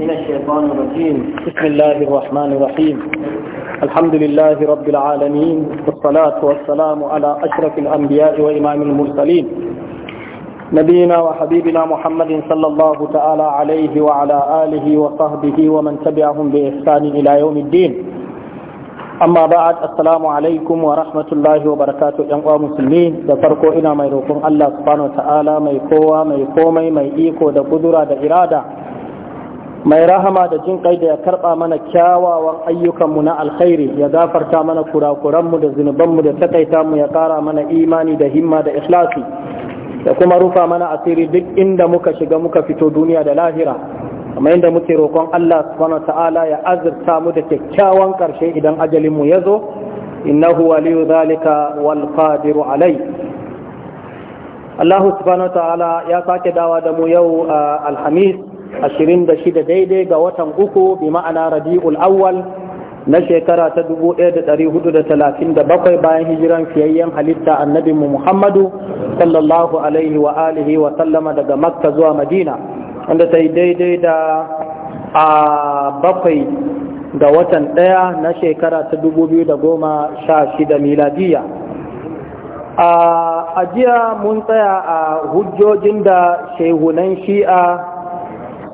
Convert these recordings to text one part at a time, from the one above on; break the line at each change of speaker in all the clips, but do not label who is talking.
من الشيطان الرجيم بسم الله الرحمن الرحيم الحمد لله رب العالمين والصلاة والسلام على أشرف الأنبياء وإمام المرسلين نبينا وحبيبنا محمد صلى الله تعالى عليه وعلى آله وصحبه ومن تبعهم بإحسان إلى يوم الدين أما بعد السلام عليكم ورحمة الله وبركاته يا مسلمين da farko ina mai roƙon Allah subhanahu ما ta'ala ما kowa ما komai mai iko da kudura mai rahama da jin kai da ya karba mana kyawawan ayyukanmu na alkhairi ya gafarta mana kurakuranmu da zunubanmu da takaita mu ya kara mana imani da himma da ikhlasi da kuma rufa mana asiri duk inda muka shiga muka fito duniya da lahira kamar inda muke roƙon Allah subhanahu ta'ala ya azurta mu da kyakkyawan karshe idan ajalin mu yazo innahu waliyu zalika wal qadiru alai Allah subhanahu ta'ala ya sake dawa da mu yau ah, alhamis ashirin da shida daidai ga watan uku bi ma'ana rabi'ul awwal na shekara ta dubu ɗaya da ɗari hudu da talatin da bakwai bayan hijiran fiyayyen halitta annabi muhammadu sallallahu alaihi wa alihi wa sallama daga makka zuwa madina wanda ta yi daidai da a bakwai ga watan ɗaya na shekara ta dubu biyu da goma sha shida miladiya a jiya mun tsaya a hujjojin da shehunan shi'a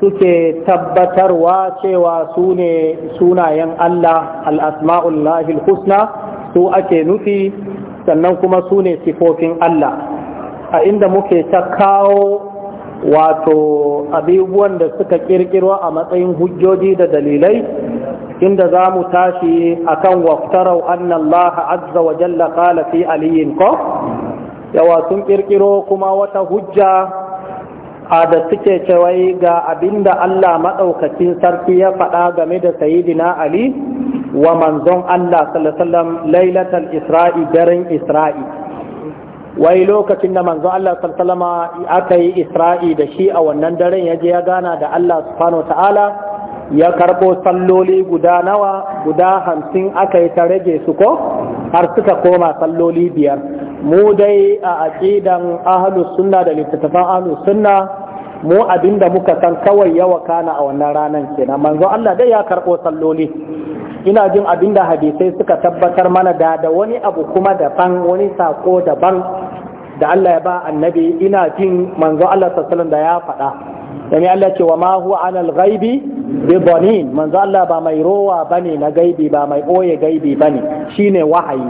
suke tabbatarwa cewa su ne sunayen Allah al'asma'ullahi husna su ake nufi sannan kuma su ne sifofin Allah a inda muke ta kawo wato abubuwan da suka ƙirƙiro a matsayin hujjoji da dalilai inda za mu tashi a kan waftarau annallaha azza wa jalla qala fi aliyin ko yawa sun ƙirƙiro kuma wata hujja a da suke cewai ga abinda Allah maɗaukacin sarki ya faɗa game da sayidina Ali wa manzon Allah sallallahu lailatul Isra'i daren Isra'i wai lokacin da manzon Allah sallallahu aka yi Isra'i da shi a wannan daren ya je ya gana da Allah subhanahu ta'ala ya karɓo salloli guda nawa guda hamsin aka yi ta rage su ko har suka koma salloli biyar mu dai a aqidan ahlus sunna da littattafan ahlus sunna mu abinda muka san kawai ya kana a wannan ranar kenan manzo Allah dai ya karɓo salloli ina jin abin da hadisai suka tabbatar mana da da wani abu kuma daban wani sako daban da Allah ya ba annabi ina jin manzo Allah sallallahu da ya faɗa dani Allah ce wa ma huwa alal ghaibi bi dhanin manzo Allah ba mai rowa bane na gaibi ba mai boye gaibi bane shine wahayi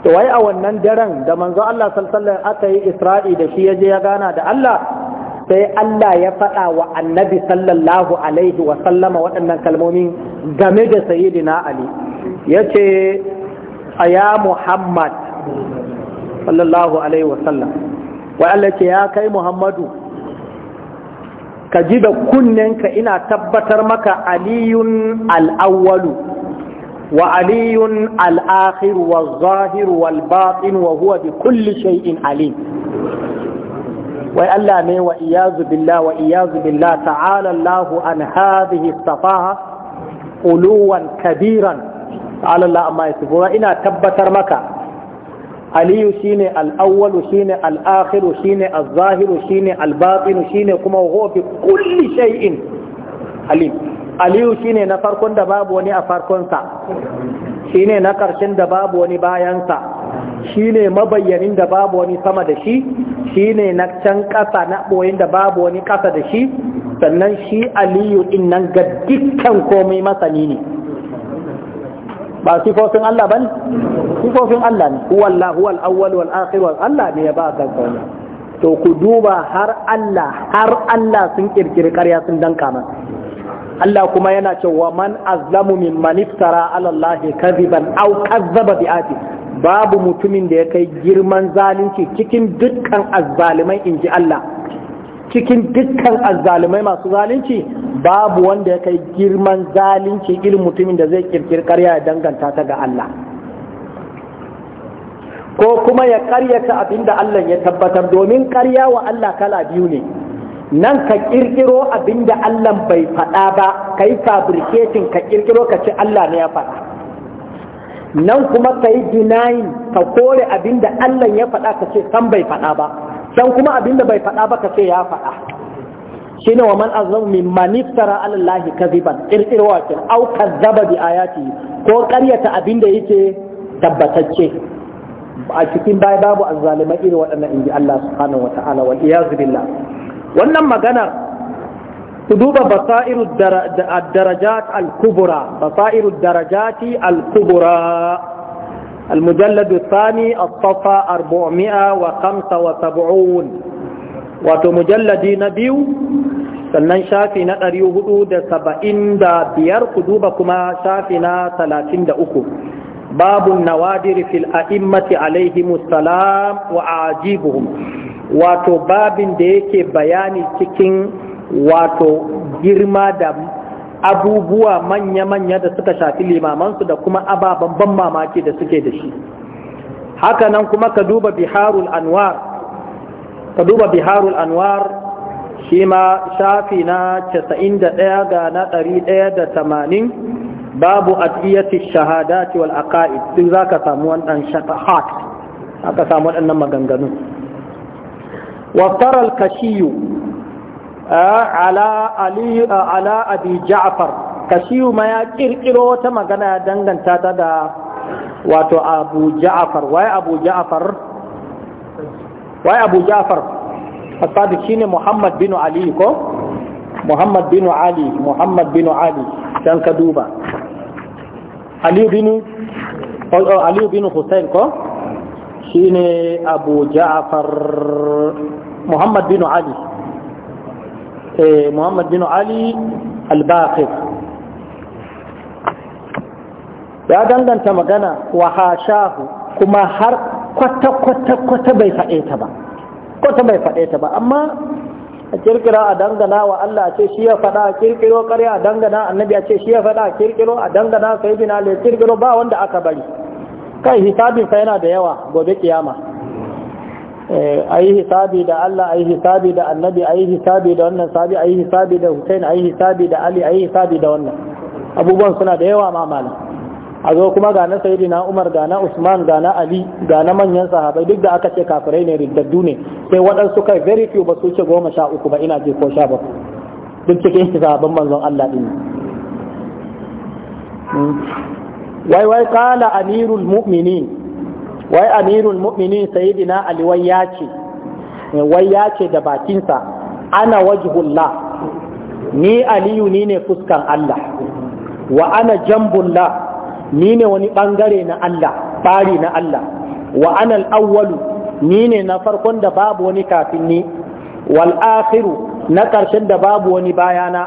to wai a wannan daren da manzo Allah sallallahu aka yi Isra'i da shi yaje ya gana da Allah sai Allah ya faɗa wa annabi sallallahu alaihi wa sallama waɗannan kalmomin game da sayyidina Ali ya ce a ya Muhammad sallallahu alaihi wa sallam Allah ce ya kai Muhammadu ka ji da kunnenka ina tabbatar maka aliyun al'awwalu wa aliyun al'akhir wa zahir wal batin wa huwa bi kulli shay'in alim wai Allah ne wa iyazu billah wa iyazu billah ta'ala an hadhihi safaha uluwan kabiran ta'ala Allah amma ina tabbatar maka aliyu shine al-awwal shine al-akhir shine az-zahir shine al-batin shine kuma huwa bi kulli shay'in alim aliyu shine na farkon da babu wani a farkon sa Shi ne na ƙarshen da babu wani bayansa shi ne mabayyanin da babu wani sama da shi shi ne na can ƙasa na ɓoyin da babu wani ƙasa da shi sannan shi aliyu in nan ga dukkan komai masani ne ba sifofin Allah ba ne? sifofin Allah ne huwallah huwal awwal wal akhir wal Allah ne ya ba kan kawai to ku duba har Allah har Allah sun kirkiri ƙarya sun danka mana Allah kuma yana cewa man azlamu mimman iftara ala Allah kadhiban aw kazzaba bi ati babu mutumin da ya kai girman zalunci cikin dukkan azzalimai inji Allah cikin dukkan azzalimai masu zalunci babu wanda ya kai girman zalunci irin mutumin da zai kirkir karya ya danganta ta ga Allah ko kuma ya karyata abinda Allah ya tabbatar domin karya wa Allah kala biyu ne nan ka ƙirƙiro abin da Allah bai faɗa ba ka yi fabricating ka ƙirƙiro ka ce Allah ne ya faɗa nan kuma ka yi denying ka kore abin da Allah ya faɗa ka ce san bai faɗa ba san kuma abin da bai faɗa ba ka ce ya faɗa shi ne wa man azam min maniftara alallahi kaziban kirkirwa kin au kazzaba bi ayati ko karyata abin da yake tabbatacce a cikin baya babu azzalimai irin waɗannan inji Allah subhanahu wata'ala wal billah wannan maganar ku duba basairu darajat al-kubra basairu darajati al-kubra المجلد الثاني الصفا 475 wato mujalladi na biyu sannan shafi na ɗari hudu da da biyar ku duba kuma shafi na talatin da uku. babu nawadir fil a'immati alaihimus salam wa ajibuhum wato babin da yake bayani cikin wato girma da abubuwa manya-manya da suka shafi limamansu da kuma ababen ban mamaki da suke da shi hakanan kuma ka duba biharul
anwar
shima shafi na anwar da ma shafi na 91 ga na 180 babu atiyati shahadati wal aqaid duk zaka samu wannan shafahat aka samu waɗannan maganganu wa tara al kashiyu ala ali ala abi ja'far kashiyu ma ya kirkiro wata magana ya danganta ta da wato abu ja'far wai abu ja'far wai abu ja'far asadi shine muhammad bin ali ko muhammad bin ali muhammad bin ali dan ka duba aliyu bin oh, oh, hussein ko shi ne abu ja'afar muhammad bin ali eh, muhammad bin ali al-baqir ya danganta magana wa hashahu kuma har kwata-kwata-kwata bai faɗe ta ba kwata bai faɗe ta ba amma a kirkira a dangana wa Allah a ce shi ya faɗa a kirkiro ƙarya a dangana annabi a ce shi ya faɗa a kirkiro a dangana sai bin Ali kirkiro ba wanda aka bari kai hisabin fa yana da yawa gobe kiyama eh yi hisabi da Allah ayi hisabi da annabi ayi hisabi da wannan sabi ayi hisabi da Hussein ayi hisabi da Ali ayi hisabi da wannan abubuwan suna da yawa ma malam a zo kuma ga na sayyidina Umar ga na Usman ga na Ali ga na manyan sahabai duk da aka ce kafirai ne riddaddu ne sai waɗansu kai very few ba su ce goma sha uku ba ina ce ko sha ba duk cikin sahabin manzon Allah ɗin hmm. wai wai kala amirul mu'mini wai amirul Sayidi na Ali wai ya ce wai ya ce da bakinsa ana wajhullah ni aliyu ni ne fuskan Allah wa ana jambullah ni ne wani ɓangare na Allah bari na Allah wa ana awwalu ni ne na farkon da babu wani kafin ni wal akhiru na ƙarshen da babu wani bayana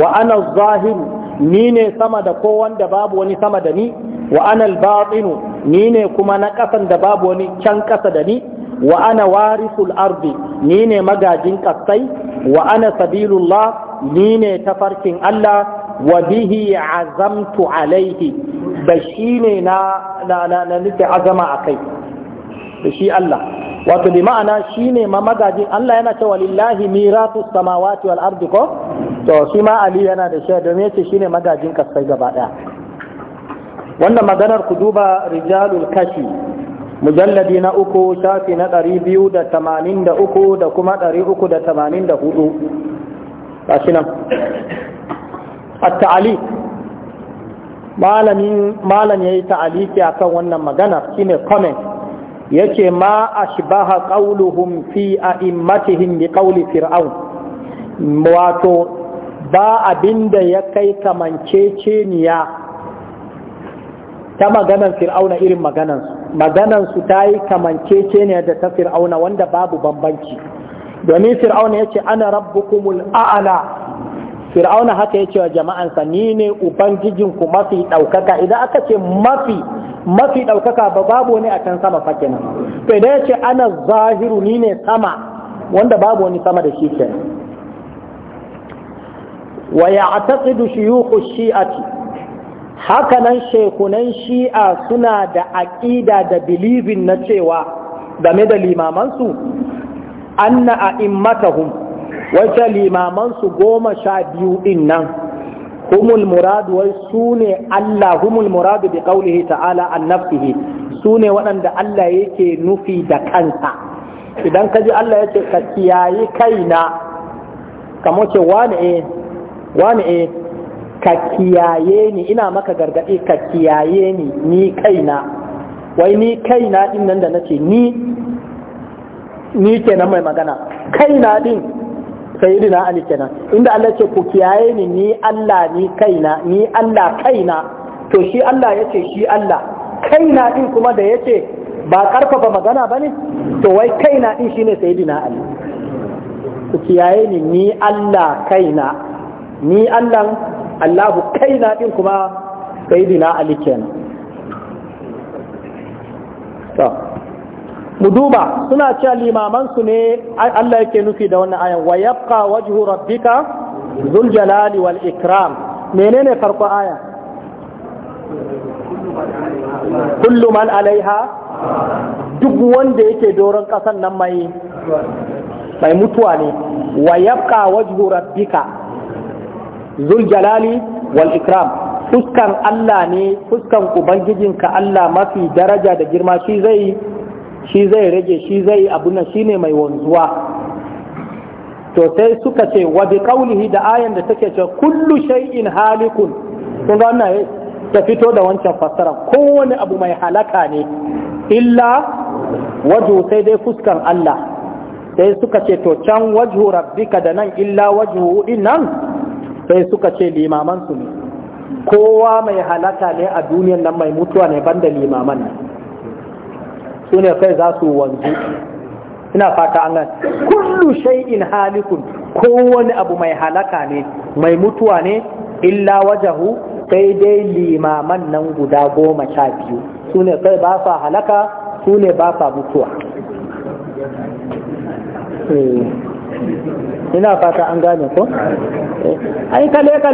wa ana zahiru ni ne sama da kowan da babu wani sama da ni wa ana batinu ni ne kuma na ƙasan da babu wani can ƙasa da ni wa ana warisul arbi ni ne magajin kasai wa ana sabilullah ni ne tafarkin Allah wa bihi azamtu alaihi da shi ne na nufi azama a kai da shi Allah wato bi ma'ana shi ne ma magajin Allah yana cewa lillahi miratu samawati wal ardi ko to shi ma Ali yana da shi domin yace shi ne magajin kasai gaba daya wannan maganar ku duba rijalul kashi mujalladi na uku shafi na ɗari biyu da tamanin da uku da kuma ɗari uku da tamanin da hudu nan التعليق malam ya yi ta'aliki a kan wannan magana shine comment ya ce ma a shibaha ƙauluhun fi a immatihim bi ƙauli fir'aun wato ba abin da ya kai kamanceceniya ta maganan fir'auna irin maganansu maganansu ta yi kamanceceniya da ta fir'auna wanda babu bambanci domin fir'auna ya ce ana rabbukumul a'ala fir'auna haka ya ce wa jama'ansa ni ne ubangijinku mafi ɗaukaka idan aka ce mafi mafi ɗaukaka ba babu wani a can sama fa kenan to idan ya ce ana zahiru ni ne sama wanda babu wani sama da shi kenan wa ya'taqidu shuyukhu shi'ati nan shekunan shi'a suna da aƙida da bilibin na cewa game da limamansu anna a'immatahum wacce limamansu goma sha biyu din nan humul muradu wai su ne Allah humul muradu bi qaulihi ta'ala an nafsihi su ne waɗanda Allah yake nufi da kansa idan ka ji Allah yake ka kiyayi kaina kamar ce wani e eh, wani e eh, ka kiyaye ni ina maka gargaɗi ka kiyaye ni ni kaina wai ni kaina din nan da nace ni ni kenan mai magana kaina din sayyidina ali kenan inda Allah ce ku kiyaye ni ni Allah ni kaina ni Allah kaina to shi Allah ya ce shi Allah kaina din kuma da yace ba karfafa magana bane to wai kaina din shine sayyidina ali ku kiyaye ni ni Allah kaina ni Allah Allahu kaina din kuma sayyidina ali kenan to mu duba suna cewa limaman su ne Allah yake nufi da wannan ayan wa yabqa wajhu rabbika zul jalali wal ikram menene farko aya kullu man alaiha duk wanda yake doron kasan nan mai mai mutuwa ne wa yabqa wajhu rabbika zul jalali wal ikram fuskan Allah ne fuskan ubangijinka Allah mafi daraja da girma shi zai shi zai rage shi zai abu na shine mai wanzuwa to sai suka ce wa bi qawlihi da ayan da take cewa kullu shay'in halikun kun ga wannan eh, ta fito da wancan fassara kowane abu mai halaka ne illa wajhu sai dai fuskan Allah sai suka ce to can wajhu rabbika da nan illa wajhu din nan sai suka ce limaman su ne kowa mai halaka ne a duniyar nan mai mutuwa ne banda limaman nan su ne kai za su wanzu ina fata an gani kullu shay'in halikun wani abu mai halaka ne mai mutuwa ne illa wajahu sai dai limaman nan guda goma sha biyu su ne kai ba sa halaka su ne ba sa mutuwa eh. ina fata an gane ko eh, ai ka leka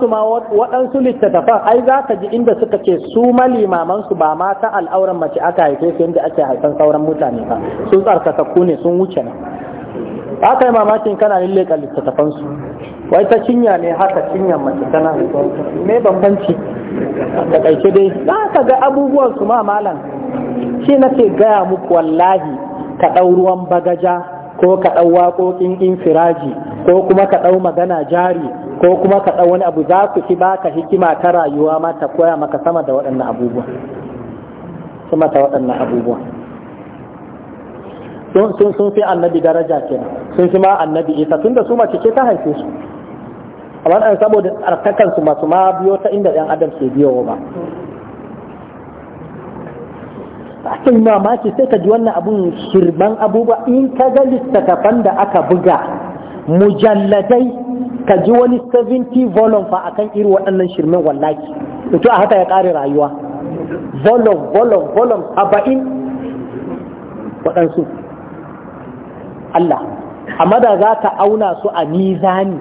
su ma waɗansu littattafan ai za ka ji inda suka ce su malimaman su ba ma ta al'auran mace aka haife su yadda ake haifan sauran mutane ba sun tsarkakakku ne sun wuce na. ba ka yi mamakin kana ka littattafan su wai ta cinya ne haka cinyan mace tana me bambanci da ƙarshe dai za ka ga abubuwan su ma malam shi nake gaya muku wallahi ka ɗau ruwan bagaja ko ka ɗau waƙoƙin infiraji ko kuma ka ɗau magana jari ko kuma ka ɗau wani abu za ku fi baka hikima ta rayuwa ma ta koya maka sama da waɗannan abubuwa sama ta waɗannan abubuwa sun sun fi annabi daraja kenan sun fi ma annabi isa tunda su mace ce ta haife su amma saboda tsarkakan su masu ma biyo ta inda ɗan adam ke biyo ba kai mamaki sai ka ji wannan abun shirban abubuwa in ka ga littattafan da aka buga mujalladai ka ji wani 70 volume fa akan iri waɗannan shirmen wallahi to a haka ya ƙare rayuwa volume volume volume aba'in waɗansu Allah amma da za ka auna su a mizani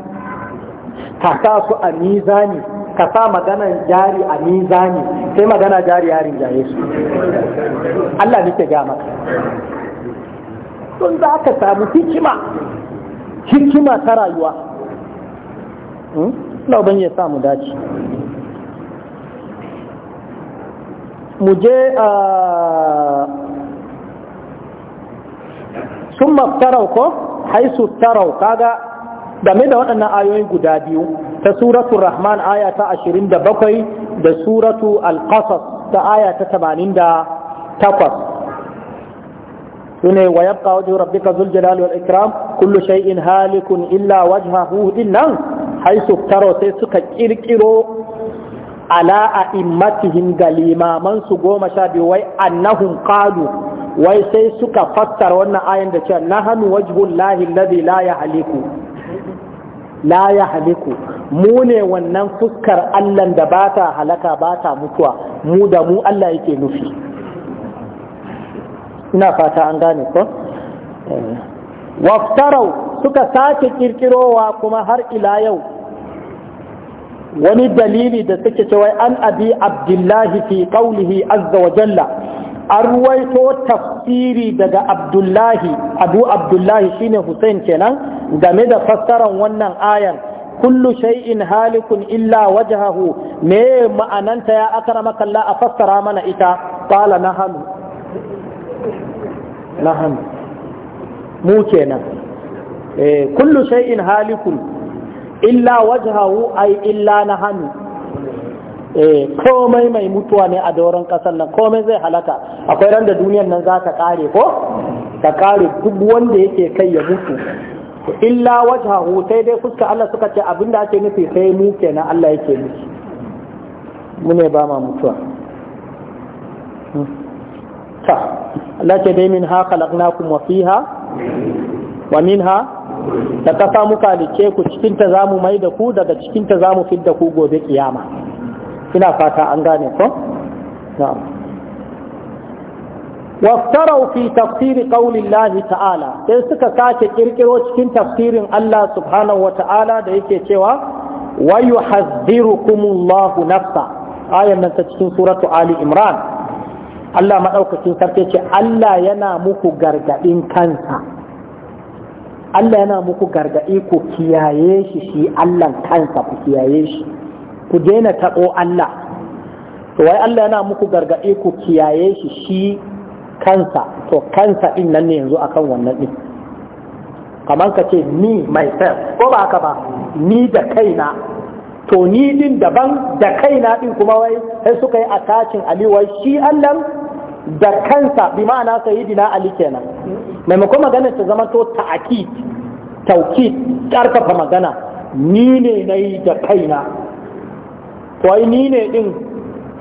ka sa su a mizani ka sa maganan jari a mizani sai magana jari yarin jaye su Allah nike ga maka Tun za ka samu hikima hikima ta rayuwa hmm? lauban ya samu dace mu je a sun maftarau ko haisu tarau kaga game da waɗannan ayoyin guda biyu ta suratu rahman aya ta 27 da suratu al-qasas ta aya ta 88 sune wa yabqa wajhu rabbika dhul jalali wal ikram kullu shay'in halikun illa wajhahu dinnan haisu taro sai suka kirkiro ala a'immatihim man su goma sha biyu wai annahum qalu wai sai suka fassara wannan ayan da cewa nahanu wajhullahi alladhi la yahliku la ya haliku mu ne wannan fuskar Allah da ba ta halaka ba ta mutuwa mu da mu Allah yake nufi ina fata an gane ko eh. waftarau suka sake kirkirowa kuma har ila yau wani dalili da suke cewa an abi abdullahi fi qawlihi azza wa jalla an ruwaito tafsiri daga abdullahi abu abdullahi shine hussein kenan game da fassaran wannan ayan kullu shay'in halikun illa wajhahu me ma'ananta ya akramaka Allah a fassara mana ita qala nahanu nahanu mu kenan eh kullu shay'in halikun illa wajhahu ay illa nahanu eh komai mai mutuwa ne a doron kasar nan komai zai halaka akwai ran da duniyar nan za ta kare ko ta kare duk wanda yake kai ya mutu illa wajhahu sai dai fuska Allah suka ce abinda ake nufi sai mu kenan Allah yake nufi mu ne ba ma mutuwa hmm. ta Allah ce dai min ha khalaqnakum wa fiha wa minha da kasa muka halice ku cikinta za mu mai da ku daga cikinta za mu fidda ku gobe kiyama Kina fata an gane ko waftarau fi tafsiri qaulillahi ta'ala sai suka sake kirkiro cikin tafsirin Allah subhanahu wata'ala da yake cewa wa yuhadhdhirukumullahu nafsa ayan nan ta cikin suratu ali imran Allah madaukakin sarki ce Allah yana muku gargadin kansa Allah yana muku gargadi ku kiyaye shi shi Allah kansa ku kiyaye shi ku daina taɓo Allah to wai Allah yana muku gargaɗe ku kiyaye shi shi kansa to kansa ɗin nan ne yanzu akan wannan ɗin? kamar ka ce ni myself ko ba haka ba ni da kaina to ni ɗin daban da kaina ɗin kuma wai sai suka yi attachin Ali wai shi Allah da kansa bi ma'ana sayyidina Ali kenan maimakon magana ta zama to ta'akid taukid ƙarfafa magana ni ne nayi da kaina wai ni ne din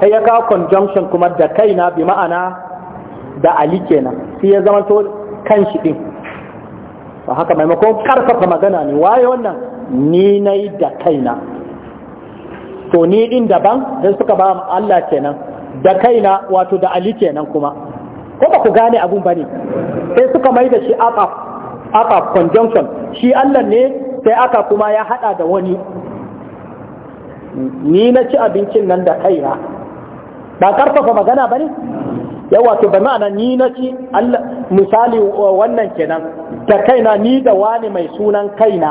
sai ya ka conjunction kuma da kaina bi ma'ana da ali kenan sai ya zama to kan shi din to haka maimakon karfafa magana ne waye wannan ni na da kaina to ni din daban dan suka ba Allah kenan da kaina wato da ali kenan kuma ko ba ku gane abun bane ne sai suka mai da shi aka conjunction shi Allah ne sai aka kuma ya hada da wani ni na ci abincin nan da kaina ba karfafa magana ba ne yawa to bai ma'ana ni na ci misali wannan kenan da kaina ni da wani mai sunan kaina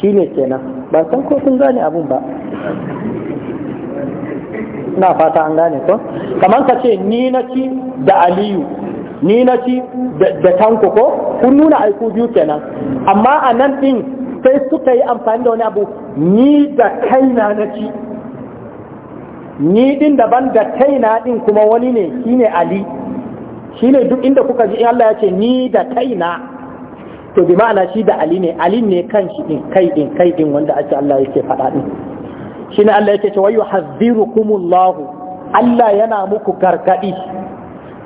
shine kenan ba san ko sun gane abun ba na fata an gane ko kamar ka ce ni na ci da aliyu ni na ci da tanko ko kun nuna aiku biyu kenan amma a nan din sai suka yi amfani da wani abu ni da kaina na ci ni din daban da kaina din kuma wani ne shine ali shine duk inda kuka ji Allah ya ce ni da kaina to bi ma'ana shi da ali ne ali ne kan shi din kai din kai din wanda ake Allah yake faɗa din shine Allah yake cewa yuhazzirukumullah Allah yana muku gargadi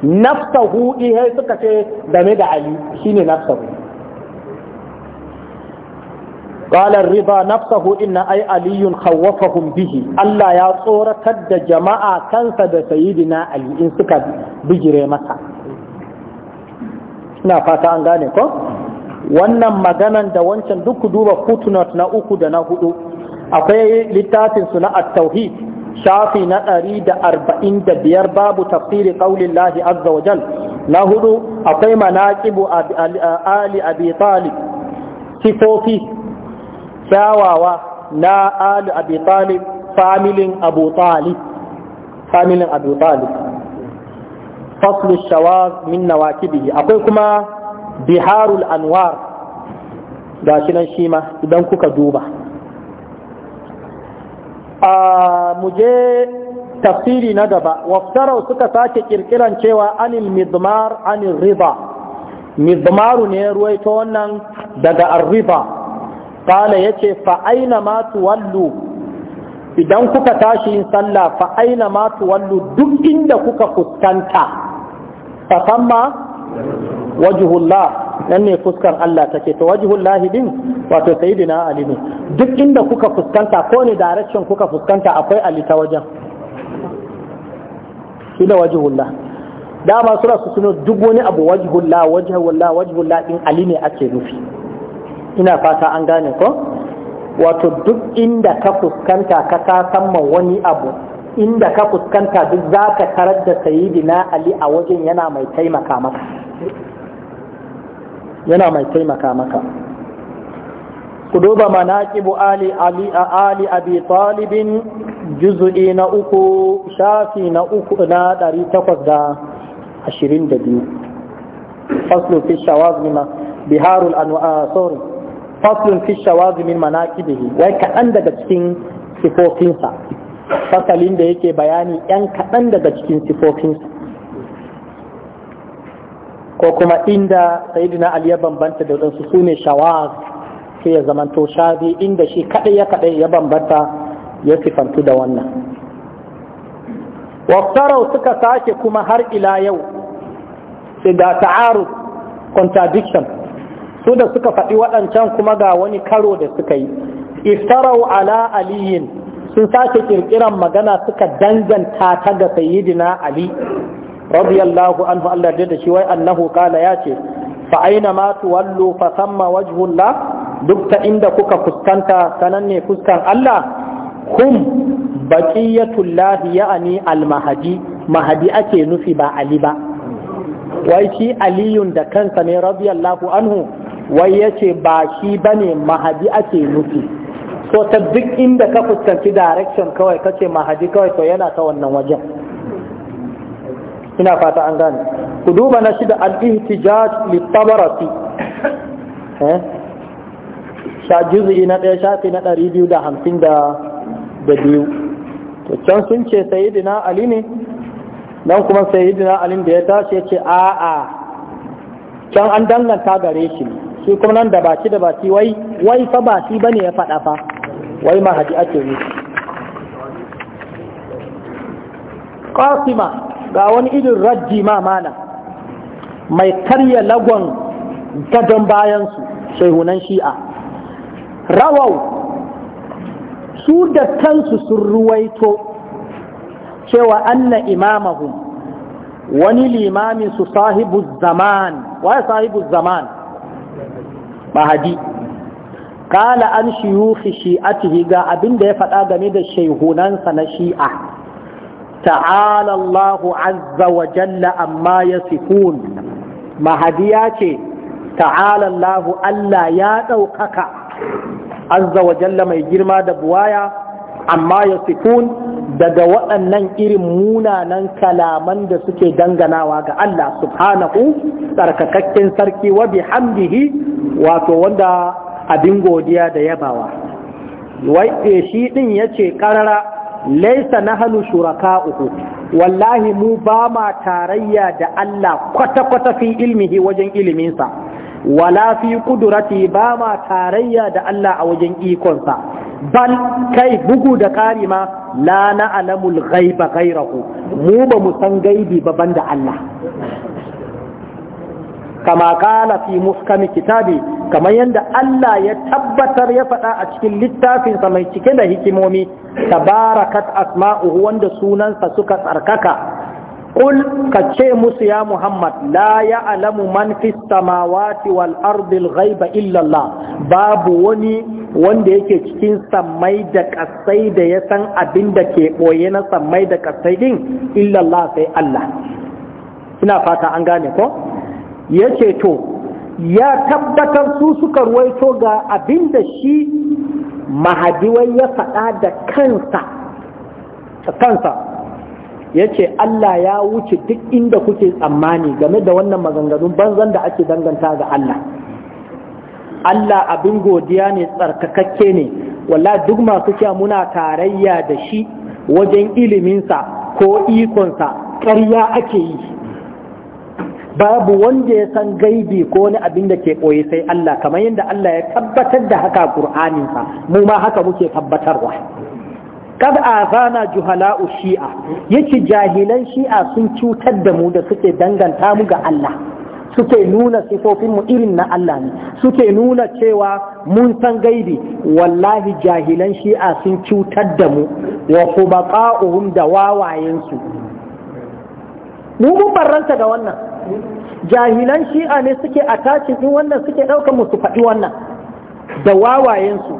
nafsahu ihe eh, suka ce game da ali shine nafsahu قال الرضا نفسه إن أي علي خوفهم به ألا يا صورة كد جماعة كنسد سيدنا علي إن سكد بجري مسا ina fata an gane ko wannan maganan da wancan duk duba footnote na uku da na hudu akwai littafin su na at-tauhid shafi na ɗari da arba'in da biyar babu tafsiri ƙaunin lahi azza wa jal na hudu akwai manaƙibu ali abi talib sifofi kyawawa na ali abi talib familin abu talib familin abu talib faslu shawaz min nawakibihi akwai kuma biharul anwar gashi nan shi ma idan kuka duba a muje tafsiri na gaba waftarau suka sake kirkiran cewa anil mizmar anil riba midmaru ne ruwaito wannan daga arriba kala ya ce fa'aina matu wallu, idan kuka tashi yin sallah fa'aina matu wallu duk inda kuka fuskanta fasamma wajhullah nan ne fuskar Allah take to wajhullah din wato sayyidina ali ne duk inda kuka fuskanta ko ne direction kuka fuskanta akwai ali ta wajen shi da wajhullah dama sura su suno duk wani abu wajhullah wajhullah wajhullah din ali ne ake nufi ina fata an gane ko wato duk inda ka fuskanta ka samma wani abu inda ka fuskanta duk za ka tarar da sayidina ali a wajen yana mai taimaka maka yana mai taimaka maka ku duba manaqibu ali ali ali abi talibin juz'i na uku shafi na uku na biyu. faslu fi shawazima biharul anwa sorry faslun fi shawazi min manaqibihi wai kaɗan daga cikin sifofinsa fasalin da yake bayani yan kaɗan daga cikin sifofinsa ko kuma inda sayyidina ali ya bambanta da wadansu su ne shawaz sai ya zamanto shazi inda shi kadai ya kadai ya bambanta ya sifantu da wannan waftarau suka sake kuma har ila yau sai da ta'aruf contradiction su da suka faɗi waɗancan kuma ga wani karo da suka yi iftarau ala aliyin sun sake kirkiran magana suka danganta ta ga sayyidina ali radiyallahu anhu Allah da shi wai annahu kala ya ce fa aina ma tuwallu fa thamma wajhullah duk ta inda kuka fuskanta sanan fuskan Allah kum baqiyatullah ya'ani al mahdi ake nufi ba ali ba wai shi aliyun da kansa ne radiyallahu anhu wai ya ce ba shi ba ne mahadi ake nufi so ta duk inda ka fuskanci direction kawai ka ce mahadi kawai to yana ta wannan wajen ina fata an gane ku duba na shida al-ihtijaj li tabarati eh sha juz'i na ɗaya shafi na ɗari biyu da hamsin da biyu to can sun ce Sayyidina ali ne nan kuma Sayyidina ali da ya tashi ya ce a'a can an danganta gare shi ne shi kuma nan da baki da baki wai wai fa baki bane ya faɗa fa wai mahadi ake yi qasima ga wani idin rajji ma mana mai karya lagon gadon su shehunan shi'a rawau su da kansu sun ruwaito cewa anna imamahum wani limamin su sahibu zaman wa sahibu zaman mahadi kala an shiyuhi shi'atihi ga abin ya faɗa game da shaihunansa na shi'a ta'ala Allah azza wa jalla amma sifun. mahadi ya ce ta'ala Allah Allah ya ɗaukaka azza wa jalla mai girma da buwaya amma ya sifun daga waɗannan irin munanan kalaman da suke danganawa ga Allah subhanahu tsarkakakken sarki wa bihamdihi wato wanda abin godiya da yabawa wai e, shi din yace karara laisa na shuraka uku, wallahi mu ba ma tarayya da Allah kwata-kwata fi ilmihi wajen iliminsa wala fi kudurati ba ma tarayya da Allah a wajen ikonsa bal kai bugu da ƙari ma la na alamul ghaiba ghairahu mu ba mu san gaibi ba banda Allah kama kala fi muskami kitabi kamar yadda Allah ya tabbatar ya faɗa a cikin littafinsa mai cike da hikimomi tabarakat asma'u wanda sunansa suka tsarkaka Ƙul ka ce musu ya Muhammad, la ya alamu man fi samawati wal ardil ghaiba illallah babu wani wanda yake cikin sammai da kasai da ya san abin da ke ɓoye na sammai da kasai din illallah sai Allah. Ina fata an gane ko? Ya ce to, ya tabbatar su suka ruwaito ga abin da shi mahadiwai ya faɗa da kansa. kansa ya ce Allah ya wuce duk inda kuke tsammani game da wannan maganganun banzan da ake danganta ga Allah Allah abin godiya ne tsarkakakke ne walla duk masu cewa muna tarayya da shi wajen iliminsa ko ikonsa ƙarya ake yi babu wanda ya san gaibi ko wani abin da ke ɓoye sai Allah kamar yadda Allah ya tabbatar da haka Kur'aninsa, mu ma haka muke tabbatarwa kad azana juhala'u shi'a yace jahilan shi'a sun cutar da mu da suke danganta mu ga Allah suke nuna sifofin mu irin na Allah ne suke nuna cewa mun san gaibi wallahi jahilan shi'a sun cutar da mu wa hubaqa'uhum da wawayen su mu mun barranta da wannan jahilan shi'a ne suke attaching din wannan suke daukar mu su faɗi wannan da wawayen su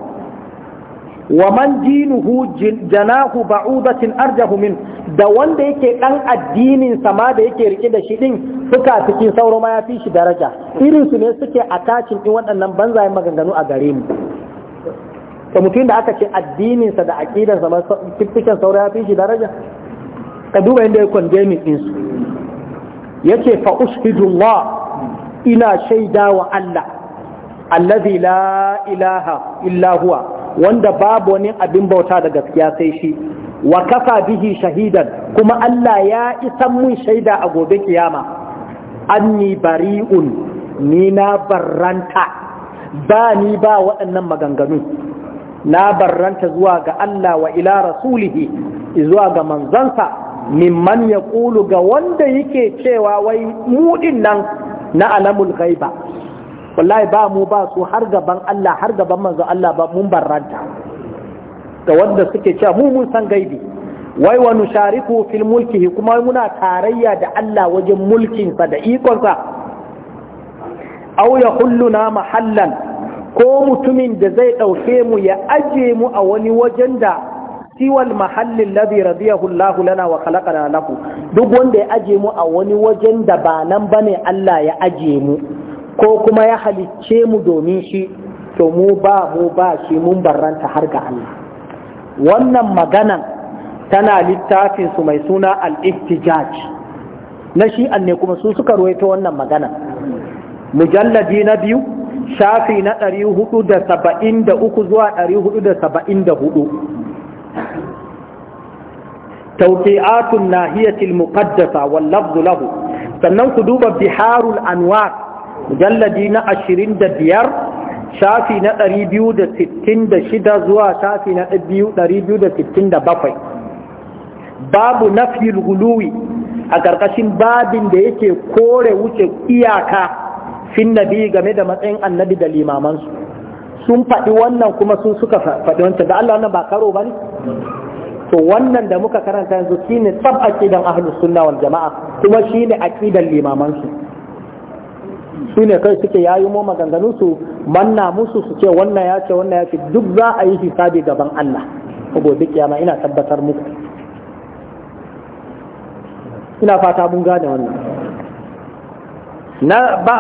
wa man dinuhu janahu ba'udatin arjahu da wanda yake dan addinin sama da yake rike da shi din suka cikin sauro ma ya fi shi daraja irin su ne suke attachin din waɗannan banzayen maganganu a gare mu to mutum da aka ce addininsa da aqidarsa ma cikin sauro ya fi shi daraja ka duba inda ya condemning din su yace fa ina shaida wa Allah allazi la ilaha illa huwa wanda babu wani abin bauta da gaskiya sai shi wa kafa bihi shahidan kuma Allah ya isan mun shaida a gobe kiyama anni bari'un ni na barranta ba ni ba waɗannan maganganu na barranta zuwa ga Allah wa ila rasulihi zuwa ga manzansa mimman ya ga wanda yake cewa wai mu nan na alamul ghaiba wallahi ba mu ba su har gaban Allah har gaban manzo Allah ba mun barranta da wanda suke cewa mu mun san gaibi wai wa nushariku fil mulkihi kuma muna tarayya da Allah wajen mulkin sa da ikon sa aw yahulluna mahallan ko mutumin da zai dauke mu ya aje mu a wani wajen da siwal mahallin ladhi radiyahu Allahu lana wa khalaqana lahu duk wanda ya aje mu a wani wajen da ba nan bane Allah ya aje mu ko kuma ya halicce mu domin shi to mu ba mu ba shi mun barranta har ga Allah wannan maganan tana littafin su mai suna al-ihtijaj na shi ne kuma su suka ruwaito wannan maganan mujalladi na biyu shafi na 473 zuwa 474 توقيعات الناهية المقدسة واللفظ له sannan ku duba biharul anwar Jalladi na ashirin da biyar shafi na ɗari biyu da sittin da shida zuwa shafi na ɗari biyu da sittin da bakwai babu na guluwi a ƙarƙashin babin da yake kore wuce iyaka fin nabi game da matsayin annabi da limamansu sun faɗi wannan kuma sun suka faɗi wancan da Allah wannan ba karo ba ne to wannan da muka karanta yanzu shine tsab aƙidan ahlus sunna wal jamaa kuma shine ƙidan limamansu su ne kai suke ya yi maganganu su manna musu su ce wannan ya ce wannan ya ce duk za a yi hisabi gaban Allah gobe kiyama ina tabbatar muku ina fata mun gane wannan na ba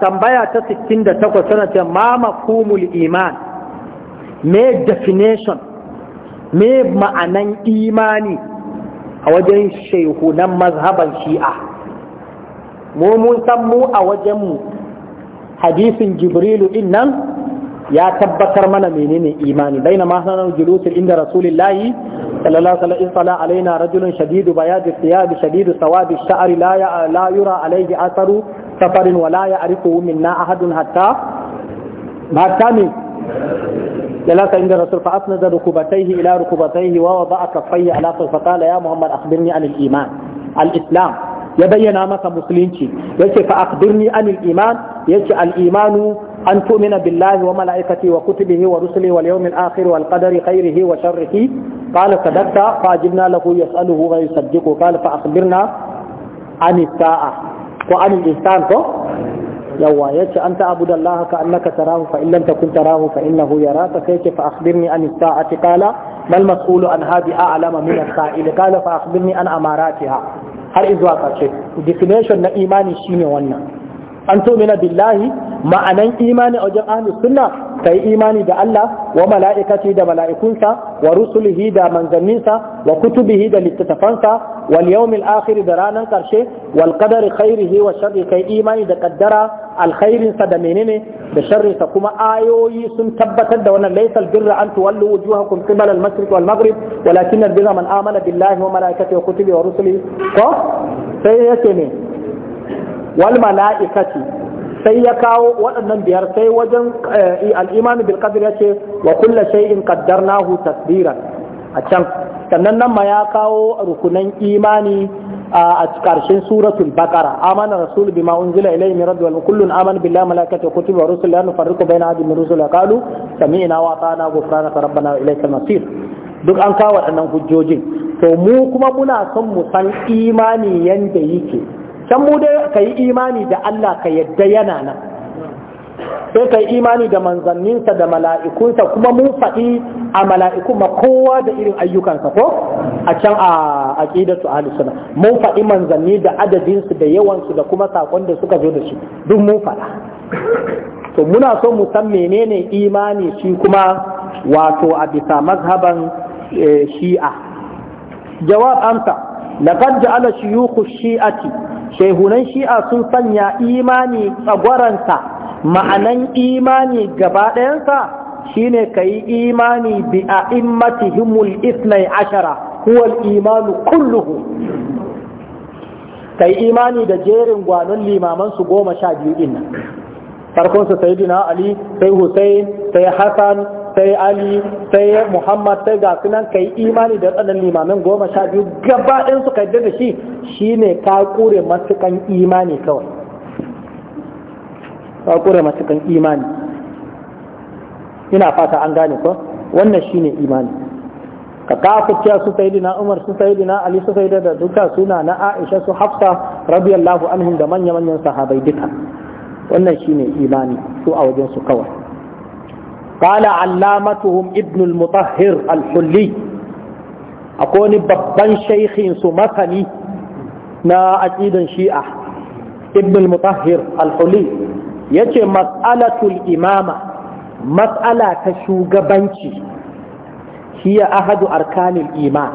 tambaya ta 68 tana ce ma makumul iman me definition me ma'anan imani a wajen na mazhaban shi'a mu mun san mu a wajenmu hadisin jibrilu din nan ya tabbatar mana menene imani baina ma sanan julusul inda rasulillahi sallallahu alaihi wasallam alaina rajulun shadidu bayadi shadidu sha'ri la ya la yura atharu safarin wa la ya'rifu minna ahadun hatta ma kami جلس ya bayyana maka musulunci yace fa akhbirni anil iman yace al imanu an tu'mina billahi wa mala'ikati wa kutubihi wa rusulihi wal yawmil akhir wal qadari khairihi wa sharrihi qala sadaqta fa ajibna lahu yas'aluhu wa yusaddiqu qala fa akhbirna anil sa'a ko anil ihsan ko yawa yace anta abudallaha ka annaka tarahu fa illam takun tarahu fa innahu yaraka sai ce fa akhbirni an sa'ati qala bal mas'ulu an hadi a'lama min as-sa'il qala fa akhbirni an amaratiha har izuwa karshe definition na imani shine wannan an tumina billahi ma'anan imani a wajen ahlus sunna kai imani da Allah wa mala'ikati da mala'ikunsa wa rusulihi da manzanninsa wa kutubihi da littattafansa wal yawmil akhir da ranar karshe wal qadari khairihi wa sharri kai imani da kaddara alkhairinsa da menene da sharrinsa kuma ayoyi sun tabbatar da wannan laysal birra an tuwallu wujuhakum qibala al mashriq wal maghrib walakin al birra man amana billahi wa mala'ikati wa kutubihi wa rusulihi ko sai yake ne wal mala'ikati sai ya kawo waɗannan biyar sai wajen eh, al'imani bilkadir ya ce wa in kaddar nahu tasdiran a can sannan nan ma ya kawo rukunan imani a ƙarshen suratul baqara amana rasul bima unzila ilayhi min rabbihi wa kullun amana billahi malaikatihi kutubi wa rusulihi la nufarriqu baina ahadin min rusulihi qalu sami'na wa ata'na ghufranaka rabbana wa ilaykal masir duk an kawo waɗannan hujjojin to mu kuma muna son mu san imani yanda yake can mu dai ka yi imani da Allah ka yadda yana nan sai ka yi imani da manzanninsa da mala'ikunsa kuma mun faɗi a mala'iku ma kowa da irin ayyukansa ko a can a aqidatu ahli suna, mun faɗi manzanni da adadinsu da yawansu da kuma saƙon da suka zo da shi duk mun faɗa to muna so mu san menene imani shi kuma wato a bisa mazhaban eh, shi'a jawab amsa لقد جعل شيوخ الشيعة shehunan shi'a sun sanya imani tsagwaranta ma'anan imani gaba ɗayansa shine ka yi imani bi a himul isnai ashara huwal imanu kulluhu ka yi imani da jerin gwanon limaman su goma sha biyu ɗin nan farkonsu sai ali sai hussein sai hassan sai ali sai muhammad sai ga sunan kai imani da tsanan limamin goma sha biyu gabaɗin su kai da shi shine ka kure matukan imani kawai ka kure matukan imani ina fata an gane ko wannan shine imani ka kafirce su sayyidina umar su sayyidina ali su sayyidina da duka suna na aisha su hafsa radiyallahu anhum da manya manyan sahabai duka wannan shine imani su a wajen su kawai قال علامتهم ابن المطهر الحلي أكون ببن شيخ سمثني نا أكيد شيعة ابن المطهر الحلي يجي مسألة الإمامة مسألة تشوق بنشي هي أحد أركان الإيمان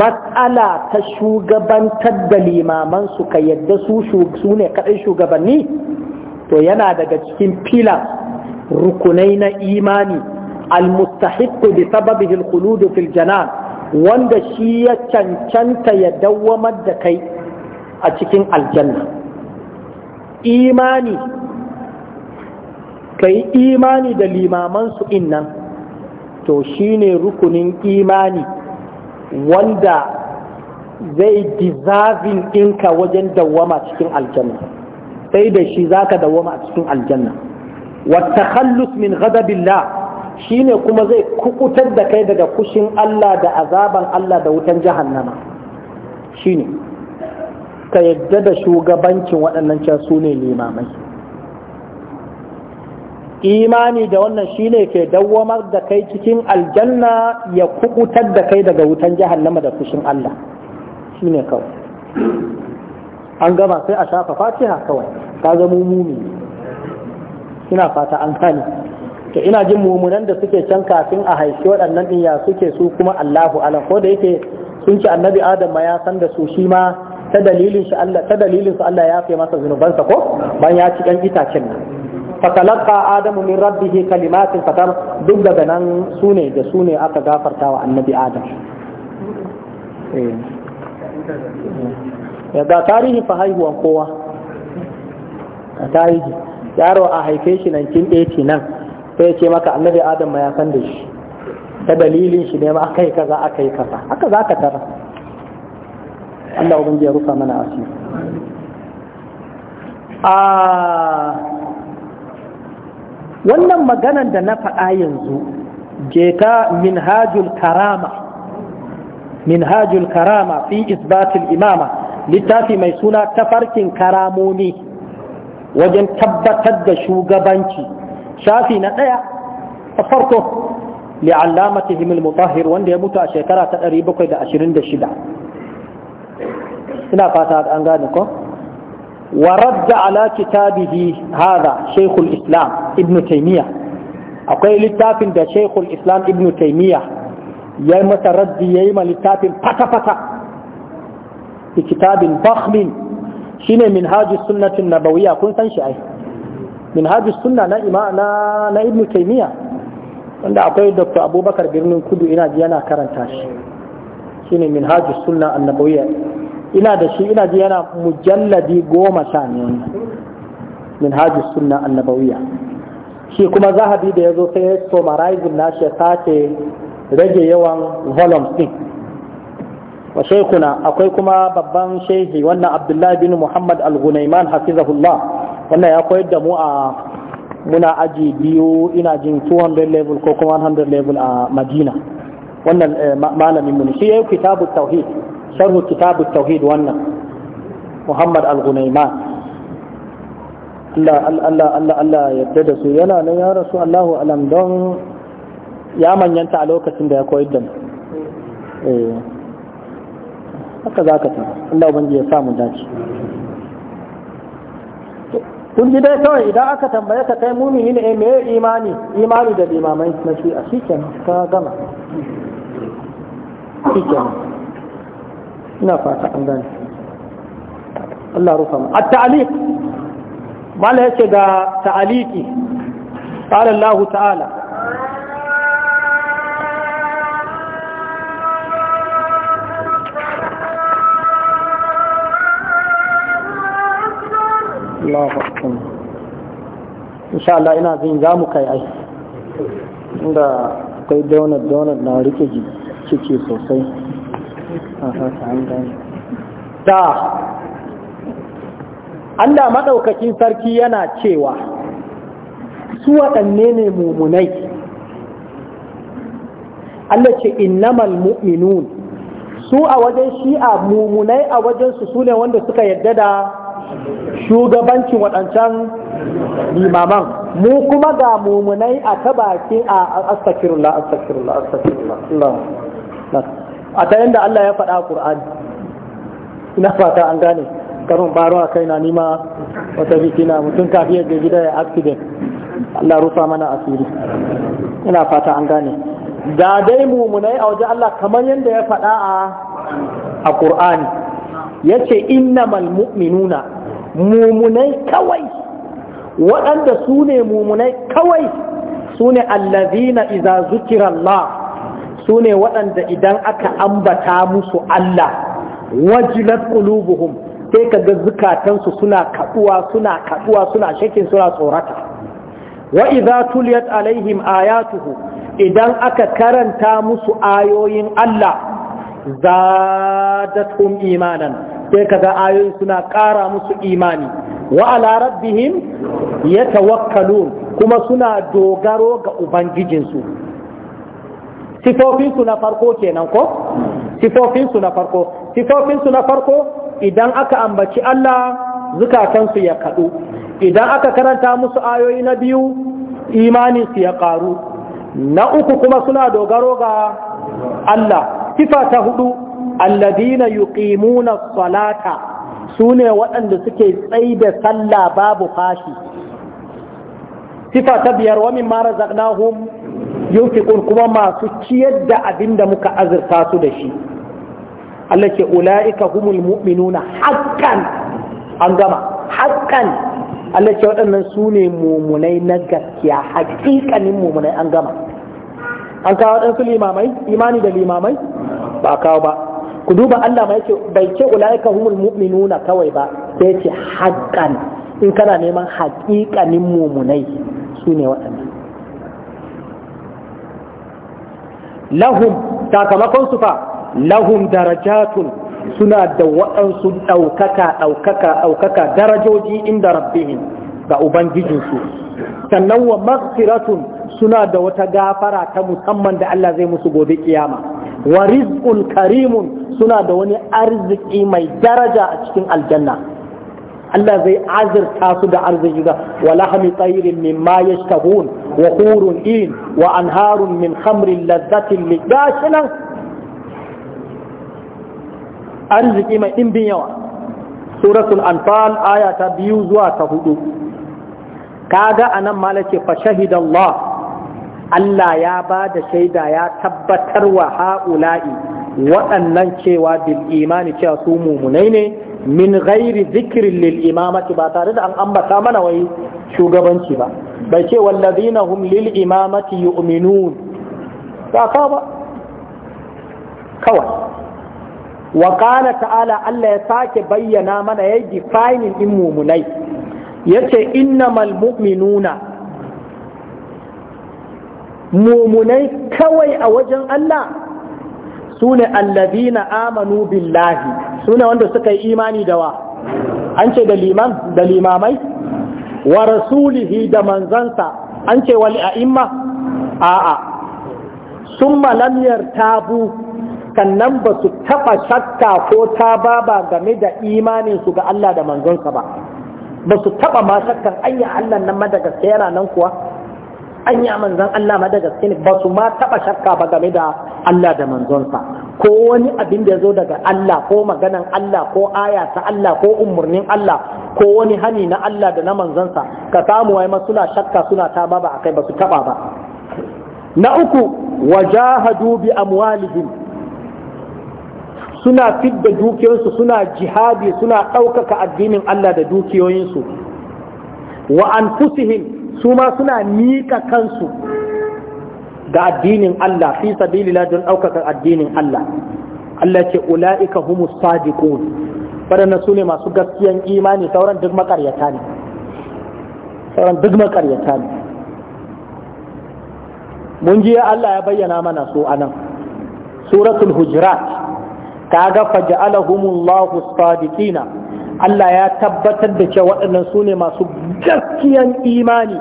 matsala ta shugabantar da limaman su ka yadda su ne kaɗai shugabanni to yana daga cikin filas rukunai na imani almustahiqqu bi sababihi alkhuludu fil wanda shi ya cancanta ya dawwamar da kai a cikin aljanna imani kai imani da limaman su innan to shine rukunin imani wanda zai deserving ɗinka wajen dawwama cikin aljanna sai da shi zaka dawwama a cikin aljanna والتخلص من غضب الله shine kuma zai kukutar da kai daga kushin Allah da azaban Allah da wutan jahannama shine ka yadda da shugabancin waɗannan can su ne limamai imani da wannan shine ke dawwamar da kai cikin aljanna ya kukutar da kai daga wutan jahannama da kushin Allah shine kawai an gama sai a shafa fatiha kawai ka zama mumini ina fata an kani to ina jin mummunan da suke can kafin a haifi waɗannan ɗin ya suke su kuma Allahu ala. ko da yake sun ci annabi Adam ma ya san da su shi ma ta dalilin shi Allah su Allah ya fi masa zunubansa ko ban ya ci ɗan itacen nan fatalaqa adamu min rabbihi kalimatin fatar duk daga nan sune da sune aka gafarta wa annabi Adam eh. ya ga tarihi fa haihuwan kowa a tarihi yaro a haife shi 1980 nan sai ce maka annabi adam ma ya san da shi ta dalilin shi ne ma aka yi kaza aka yi kaza haka za ka tara Allah ubangiji ya rufa mana asiri a wannan maganan da na faɗa yanzu je ta minhajul karama minhajul karama fi isbatul imama littafi mai suna tafarkin karamomi wajen tabbatar da shugabanci shafi na ɗaya a farko li'allamati himil mutahir wanda ya mutu a shekara ta 726 ina fata an gane ko wa radda ala kitabihi hadha shaykhul islam ibnu taymiya akwai littafin da shaykhul islam ibnu taymiya ya yi masa raddi ya yi ma littafin fata-fata kitabin bakhmin shine minhajus sunnatin nabawiyya kun san shi ai haji sunna na ima na na ibnu taymiya wanda akwai dr abubakar birnin kudu ina ji yana karanta shi shine an sunna annabawiyya ina da shi ina ji yana mujalladi goma sha ne wannan an sunna annabawiyya shi kuma zahabi da ya zo sai ya summarizing nashi ya rage yawan volume din wa shaykhuna akwai kuma babban shehi wannan abdullahi bin muhammad al-gunaiman hafizahullah wannan ya koyar da mu a muna aji biyu ina jin 200 level ko kuma 100 level a madina wannan eh, malamin mu shi yayi kitabu tauhid sharhu kitabu tauhid wannan muhammad al-gunaiman Allah Allah Allah Allah yadda da su yana nan ya rasu Allahu alam don ya manyanta a lokacin da ya koyar da mu eh. haka za ka ta Allah ubangiji ya samu dace kun ji dai kawai idan aka tambaye ka kai mumini ne eh, me imani imani da limamai na shi a shikenan ka gama shikenan ina fata an gane Allah rufa mu at-ta'liq mala yace ga ta'aliki qala Allah ta'ala Allah insha Allah ina jin za mu kai ai inda akwai donut donut na rike ciki sosai da Allah maɗaukakin sarki yana cewa su waɗanne ne mumunai Allah ce innamal mu'minun su a wajen shi'a mumunai a wajen su ne wanda suka yadda da shugabancin waɗancan limaman mu kuma ga mumunai a ta bakin a astagfirullah astagfirullah astagfirullah a ta yadda Allah ya faɗa Qur'ani ina fata an gane karin baro a kai na nima wata na mutum kafiyar da gida ya accident Allah rufa mana asiri ina fata an gane ga dai mumunai a waje Allah kamar yadda ya faɗa a a Qur'ani yace innamal mu'minuna mumunai kawai waɗanda su ne mumunai kawai su ne allazina iza zukira Allah su ne waɗanda idan aka ambata musu Allah wajilat qulubuhum sai ka ga zukatansu suna kaɗuwa, suna kaɗuwa, suna shakin suna tsorata wa idza tuliyat alaihim ayatuhu idan aka karanta musu ayoyin Allah zadatuhum imanan sai kaga ayoyin suna ƙara musu imani wa ala rabbihim yatawakkalun kuma suna dogaro ga ubangijinsu sifofinsu na farko kenan ko sifofinsu na farko sifofinsu na farko idan aka ambaci Allah zukatansu ya kadu idan aka karanta musu ayoyi na biyu imani su ya ƙaru na uku kuma suna dogaro ga Allah sifa ta hudu alladina yuqimuna salata sune waɗanda suke tsaida sallah babu fashi sifa ta biyar wa min mara zagnahum yunfiqun kuma masu ciyar da abinda muka azurta su da shi Allah ce ula'ika humul mu'minuna haƙƙan an gama haƙƙan Allah ce waɗannan su ne mumunai na gaskiya haƙiƙanin mumunai an gama an kawo waɗansu limamai imani da limamai ba kawo ba ku duba Allah ma yake bai ce ulaika humul mu'minuna kawai ba sai yace haqqan in kana neman haƙiƙanin muminai su ne waɗannan lahum sakamakon su fa lahum darajatun suna da waɗansu ɗaukaka ɗaukaka ɗaukaka darajoji inda rabbihim ga ubangijinsu sannan wa maghfiratun suna da wata gafara ta musamman da Allah zai musu gobe kiyama wa rizqun karimun suna da wani arziki mai daraja a cikin aljanna Allah zai azirta su da arziki ga walahmi tayrin mimma yashtahun wa hurun in wa anharun min khamrin ladhatin lidashina arziki mai dimbin yawa suratul anfal aya ta biyu zuwa ta hudu kaga anan malake fa shahidallah Allah ya ba da shaida ya tabbatar wa ha'ula'i waɗannan cewa bil imani cewa su mumunai ne min ghairi zikirin lil imamati ba tare da an ambata mana wai shugabanci ba bai ce wallazina hum lil imamati yu'minun ba ba kawai wa ta'ala Allah ya sake bayyana mana yayi defining din mumunai yace innamal mu'minuna mumunai kawai a wajen Allah su ne allazina amanu billahi su ne wanda suka yi imani da wa an ce da liman da limamai wa rasulihi da manzansa an ce wal a'imma a'a summa lam yartabu kannan ba su taba shakka ko ta baba game da imanin su ga Allah da manzonsa ba ba su taba ma shakkan anya Allah nan ma yana nan kuwa an yi manzon Allah ma daga gaske ba su ma taba shakka ba game da Allah da manzonsa ko wani abin da ya zo daga Allah ko maganan Allah ko aya ta Allah ko umurnin Allah ko wani hani na Allah da na manzonsa ka samu wai ma suna shakka suna ta ba akai ba su taba ba na uku wajahadu bi amwalihim suna fidda dukiyoyinsu suna jihadi suna ɗaukaka addinin Allah da dukiyoyinsu wa anfusihim su ma suna miƙa kansu ga addinin Allah fi sabilillah don ɗaukaka addinin Allah Allah ce ula'ika humus sadiqun waɗannan su ne masu gaskiyan imani sauran duk makaryata ne sauran duk makaryata ne mun ji Allah ya bayyana mana su anan suratul hujurat kaga faj'alahumullahu sadiqina Allah ya tabbatar da cewa waɗannan su ne masu gaskiyan imani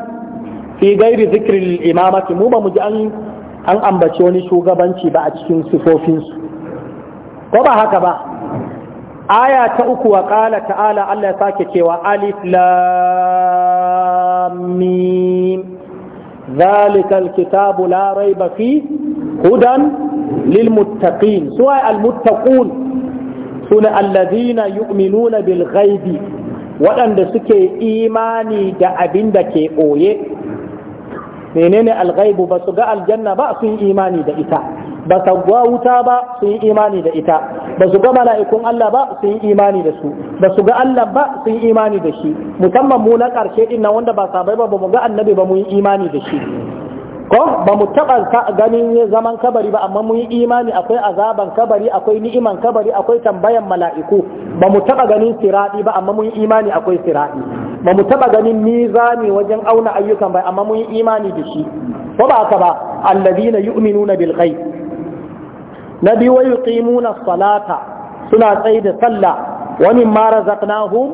fi gairi zikirin imamati mu ba mu ji an ambaci wani shugabanci ba a cikin sifofinsu ko ba haka ba aya ta uku wa ƙala ta'ala Allah ya sake cewa alif lam mim ذلك الكتاب لا ريب فيه هدى للمتقين سواء المتقون sune allazina yu'minuna bil ghaibi waɗanda suke imani da abin da ke ɓoye menene alghaibu ba su ga aljanna ba sun imani da ita ba su ga wuta ba sun imani da ita ba su ga mala'ikun Allah ba sun imani da su ba su ga Allah ba sun imani da shi musamman mu na ƙarshe din wanda ba sabai ba ba mu ga annabi ba mu yi imani da shi ko ba mu taɓa ganin zaman kabari ba amma mun yi imani akwai azaban kabari akwai ni'iman kabari akwai tambayan mala'iku ba mu taɓa ganin siraɗi ba amma mun yi imani akwai siradi ba mu taɓa ganin mizani wajen auna ayyukan ba amma mun yi imani da shi ko ba haka ba alladhina yu'minuna bil ghaib na bi wa yuqimuna salata suna tsaye da sallah wa mimma razaqnahum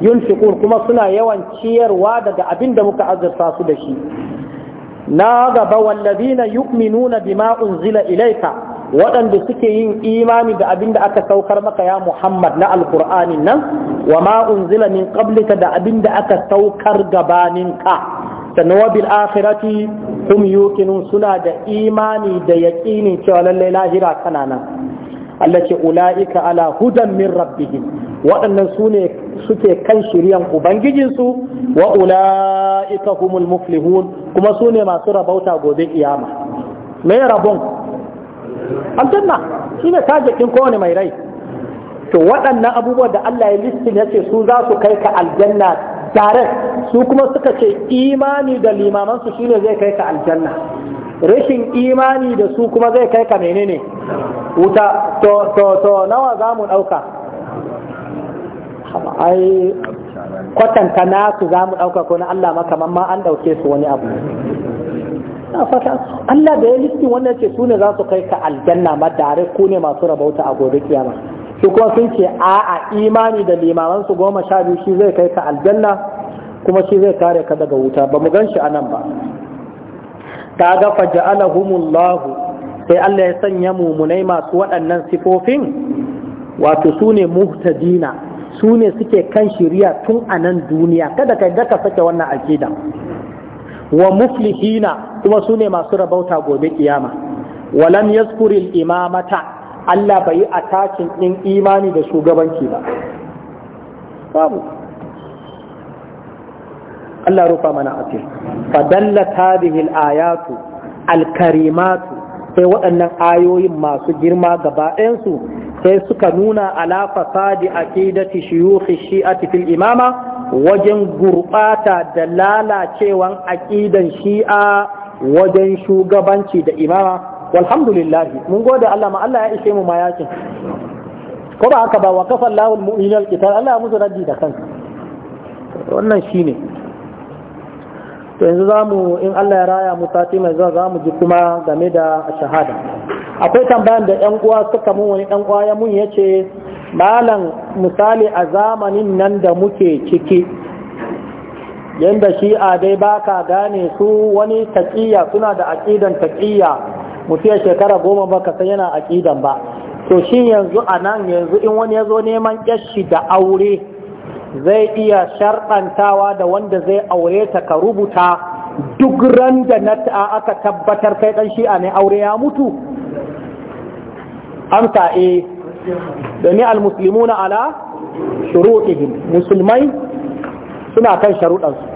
yunfiqun kuma suna yawan ciyarwa daga abin da muka azurta su da shi na gaba na yu'minuna bima unzila ilaika waɗanda suke yin imani da abin da aka saukar maka ya Muhammad na alkur'ani nan wa ma unzila min qablika da abin da aka saukar gabaninka sannan wa bil akhirati hum yuqinun suna da imani da yaƙinin cewa lallai lahira kana nan Allah ce ula'ika ala hudan min rabbihim waɗannan su ne suke kan shiryan ubangijinsu wa ula'ika humul muflihun kuma su ne masu rabauta gobe kiyama me rabon aljanna shi ne tajakin kowane mai rai to waɗannan abubuwan da Allah ya listin ya ce su za su kai ka aljanna tare su kuma suka ce imani da limamansu shine zai kai ka aljanna rashin imani da su kuma zai kai ka menene wuta to to to nawa za mu ɗauka ai kwatanta su za mu ɗauka ko na Allah maka ma an ɗauke su wani abu na fata Allah da ya listin wanda ce su ne za su kai ka aljanna ma dare ku ne masu rabauta a gobe kiyama su kuma sun ce a'a imani da limaman su goma sha biyu shi zai kai ka aljanna kuma shi zai kare ka daga wuta ba mu gan shi a nan ba ga kaga faja'alahumullahu sai Allah ya sanya mumunai masu waɗannan sifofin wato su ne muhtadina su ne suke kan shiriya tun a nan duniya kada ka daka sake wannan akida wa muflihina kuma su ne masu rabauta gobe kiyama walam yazkuril imamata Allah bai yi attachin din imani da shugabanci ba babu Allah rufa mana a fa Fadalla ta al-ayatu al-karimatu sai waɗannan ayoyin masu girma gaba sai suka nuna ala fasadi aqidati shuyukhi shi'ati fil imama wajen gurɓata da lalacewan aƙidan shi'a wajen shugabanci da imama walhamdulillah mun gode Allah ma Allah ya ishe mu mayakin ko ba haka ba wa kafa Allahul mu'minal qital Allah ya musu raddi da kansa wannan shine to yanzu za mu in Allah ya raya mu sati mai zuwa za mu ji kuma game da shahada akwai tambayan da yan uwa suka mun wani yan uwa ya mun yace malam misali a zamanin nan da muke ciki yanda shi a dai baka gane su wani taqiyya suna da aƙidan taƙiyya mutu ya shekara goma baka san yana aƙidan ba to shin yanzu a yanzu in wani ya zo neman kyashi da aure zai iya sharɗantawa da wanda zai aure ta ka rubuta duk ran da na aka tabbatar kai ɗan shi'a ne aure ya mutu amsa e domin na ala shuruɗihim musulmai suna kan sharuɗansu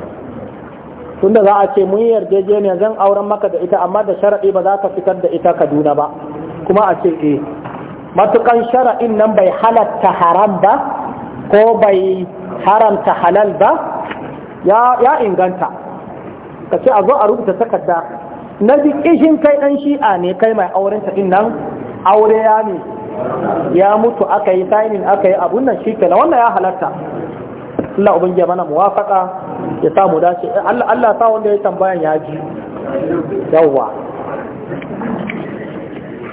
tunda za a ce mun yarjejeniyar zan auren maka da ita amma da sharaɗi ba za ka fitar da ita kaduna ba kuma a ce e eh, matukan sharaɗin nan bai halatta haram ba ko bai haramta halal ba ya inganta ka ce a zo a rubuta takarda na bi kishin kai ɗan shi'a ne kai mai auren ta nan aure ya ne ya mutu aka yi signing aka yi abun nan shi kenan wannan ya halatta Allah ubangiji mana muwafaka ya samu dace Allah sa wanda ya tambayan ya ji yawwa